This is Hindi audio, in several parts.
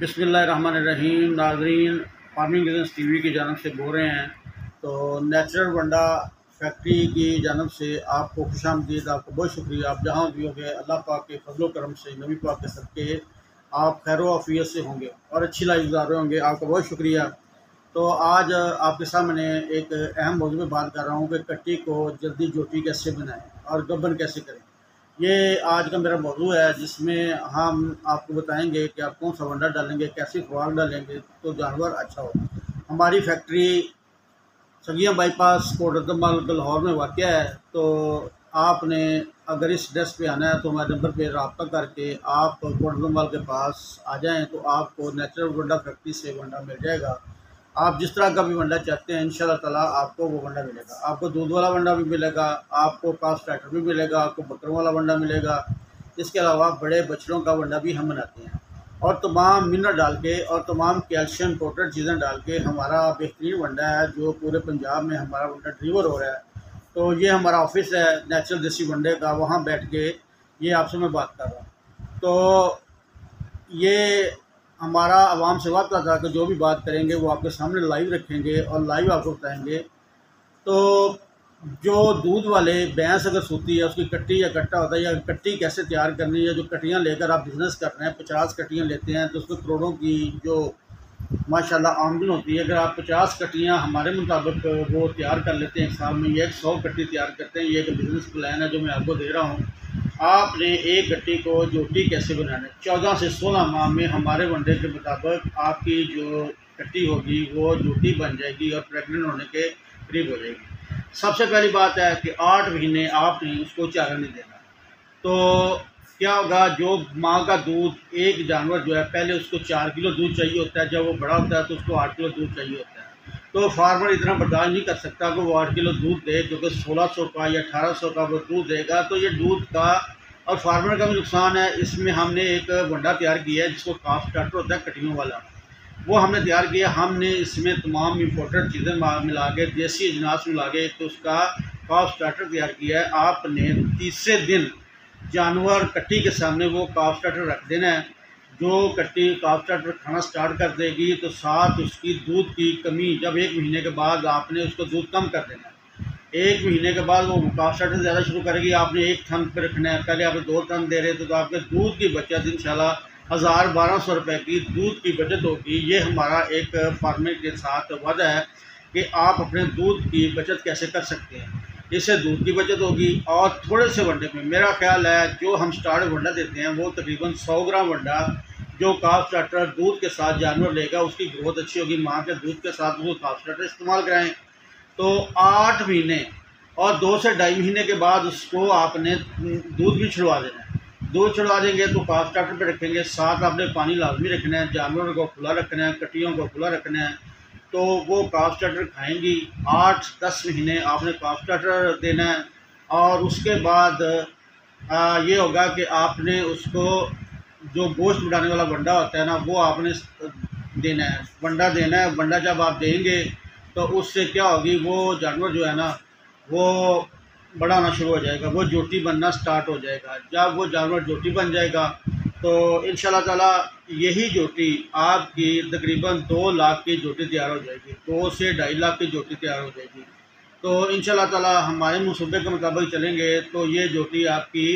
बिसमीम नाजरीन फार्मिंग बिजनेस टी वी की जानब से बोल रहे हैं तो नेचुरल वंडा फैक्ट्री की जानब से आपको खुश आमदीद आपको बहुत शुक्रिया आप जहाँ भी होंगे अल्लाह पाक के फजलो करम से नबी पाक के सबके आप खैर वाफियत से होंगे और अच्छी लाइफ गुजार रहे होंगे आपका बहुत शुक्रिया तो आज आपके सामने एक अहम मौजूद में बात कर रहा हूँ कि कट्टी को जल्दी जोटी कैसे बनाएँ और गबन कैसे करें ये आज का मेरा मौजू है जिसमें हम आपको बताएंगे कि आप कौन सा वंडर डालेंगे कैसी खुराक डालेंगे तो जानवर अच्छा हो हमारी फैक्ट्री सगिया बाईपास कोटरदमल लाहौर में वाक़ है तो आपने अगर इस ड्रेस पे आना है तो हमारे नंबर पे रबता करके आप कोटरदमल के पास आ जाएं तो आपको नेचुरल वंडा फैक्ट्री से वंडा मिल जाएगा आप जिस तरह का भी वंडा चाहते हैं इन ताला आपको वो वंडा मिलेगा आपको दूध वाला वंडा भी मिलेगा आपको कास्ट ट्रैक्टर भी मिलेगा आपको बकरों वाला वंडा मिलेगा इसके अलावा बड़े बछड़ों का वंडा भी हम बनाते हैं और तमाम मिनरल डाल के और तमाम कैल्शियम पोटर चीज़ें डाल के हमारा बेहतरीन वंडा है जो पूरे पंजाब में हमारा वंडा डिलीवर हो रहा है तो ये हमारा ऑफिस है नेचुरल देसी वंडे का वहाँ बैठ के ये आपसे मैं बात कर रहा हूँ तो ये हमारा आवाम से वादा था कि जो भी बात करेंगे वो आपके सामने लाइव रखेंगे और लाइव आपको बताएंगे तो जो दूध वाले भैंस अगर सूती है उसकी कट्टी या कट्टा होता है या कट्टी कैसे तैयार करनी है जो कट्टियाँ लेकर आप बिज़नेस कर रहे हैं पचास कट्टियाँ लेते हैं तो उसमें करोड़ों की जो माशाला आमदन होती है अगर आप पचास कट्टियाँ हमारे मुताबिक वो तैयार कर लेते हैं साल में ये एक सौ कट्टी तैयार करते हैं ये एक बिज़नेस प्लान है जो मैं आपको दे रहा हूँ आपने एक गट्टी को जोटी कैसे बनाना चौदह से सोलह माह में हमारे वनडे के मुताबिक आपकी जो गट्टी होगी वो जोटी बन जाएगी और प्रेग्नेंट होने के करीब हो जाएगी सबसे पहली बात है कि आठ महीने आपने उसको चारा नहीं देना तो क्या होगा जो माँ का दूध एक जानवर जो है पहले उसको चार किलो दूध चाहिए होता है जब वो बड़ा होता है तो उसको आठ किलो दूध चाहिए होता है तो फार्मर इतना बर्दाश्त नहीं कर सकता कि वो आठ किलो दूध दे क्योंकि सोलह सौ का या अठारह सौ का वो दूध देगा तो ये दूध का और फार्मर का भी नुकसान है इसमें हमने एक वंडा तैयार किया है जिसको काफ स्टार्टर होता है कटियों वाला वो हमने तैयार किया हमने इसमें तमाम इम्पोर्टेंट चीज़ें मिला के देसी अजनास मिला के तो उसका काफ स्टार्टर तैयार किया है आपने तीसरे दिन जानवर कट्टी के सामने वो काफ स्टार्टर रख देना है जो कट्टी काफ्टर खाना स्टार्ट कर देगी तो साथ उसकी दूध की कमी जब एक महीने के बाद आपने उसको दूध कम कर देना एक महीने के बाद वो काफ्टर ज़्यादा शुरू करेगी आपने एक थन पर रखना है पहले आप दो थन दे रहे थे तो आपके दूध की बचत इन शाला हज़ार बारह सौ रुपये की दूध की बचत होगी ये हमारा एक फार्मर के साथ वादा है कि आप अपने दूध की बचत कैसे कर सकते हैं इससे दूध की बचत होगी और थोड़े से वंडे में मेरा ख्याल है जो हम स्टार्ट वंडा देते हैं वो तकरीबन सौ ग्राम वंडा जो काफ स्टार्टर दूध के साथ जानवर लेगा उसकी ग्रोथ अच्छी होगी माँ के दूध के साथ वो काफ स्टार्टर इस्तेमाल कराएँ तो आठ महीने और दो से ढाई महीने के बाद उसको आपने दूध भी छिड़वा देना है दूध छुड़वा देंगे तो काफ स्टार्टर पर रखेंगे साथ आपने पानी लाजमी रखना है जानवरों को खुला रखना है कटियों को खुला रखना है तो वो क्रॉस खाएंगी आठ दस महीने आपने क्रॉस देना है और उसके बाद आ, ये होगा कि आपने उसको जो गोश्त बढ़ाने वाला बंडा होता है ना वो आपने देना है बंडा देना है बंडा जब आप देंगे तो उससे क्या होगी वो जानवर जो है ना वो बढ़ाना शुरू हो जाएगा वो जोटी बनना स्टार्ट हो जाएगा जब वो जानवर जोटी बन जाएगा तो इन ताला यही जोटी आपकी तकरीबन दो लाख की जोटी तैयार हो जाएगी दो से ढाई लाख की जोटी तैयार हो जाएगी तो इन ताला हमारे मनसूबे के मुताबिक चलेंगे तो ये जोटी आपकी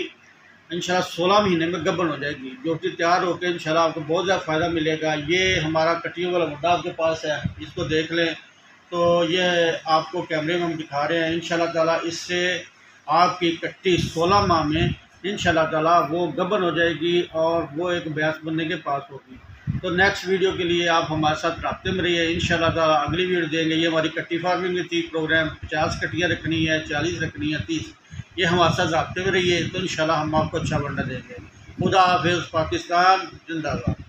इन सोलह महीने में गबन हो जाएगी जोटी तैयार होकर इन आपको बहुत ज़्यादा फ़ायदा मिलेगा ये हमारा कटियों वाला मुद्दा आपके पास है इसको देख लें तो ये आपको कैमरे में हम दिखा रहे हैं इन ताला इससे आपकी कट्टी सोलह माह में इन ताला वो गबन हो जाएगी और वो एक ब्यास बनने के पास होगी तो नेक्स्ट वीडियो के लिए आप हमारे साथ रबते में रहिए इन ताला अगली वीडियो देंगे ये हमारी कट्टी फार्मिंग में थी प्रोग्राम पचास कट्टियाँ रखनी है चालीस रखनी है तीस ये हमारे साथ रबते में रहिए तो इन हम आपको अच्छा बनना देंगे खुदा हाफिज़ पाकिस्तान जिंदाबाद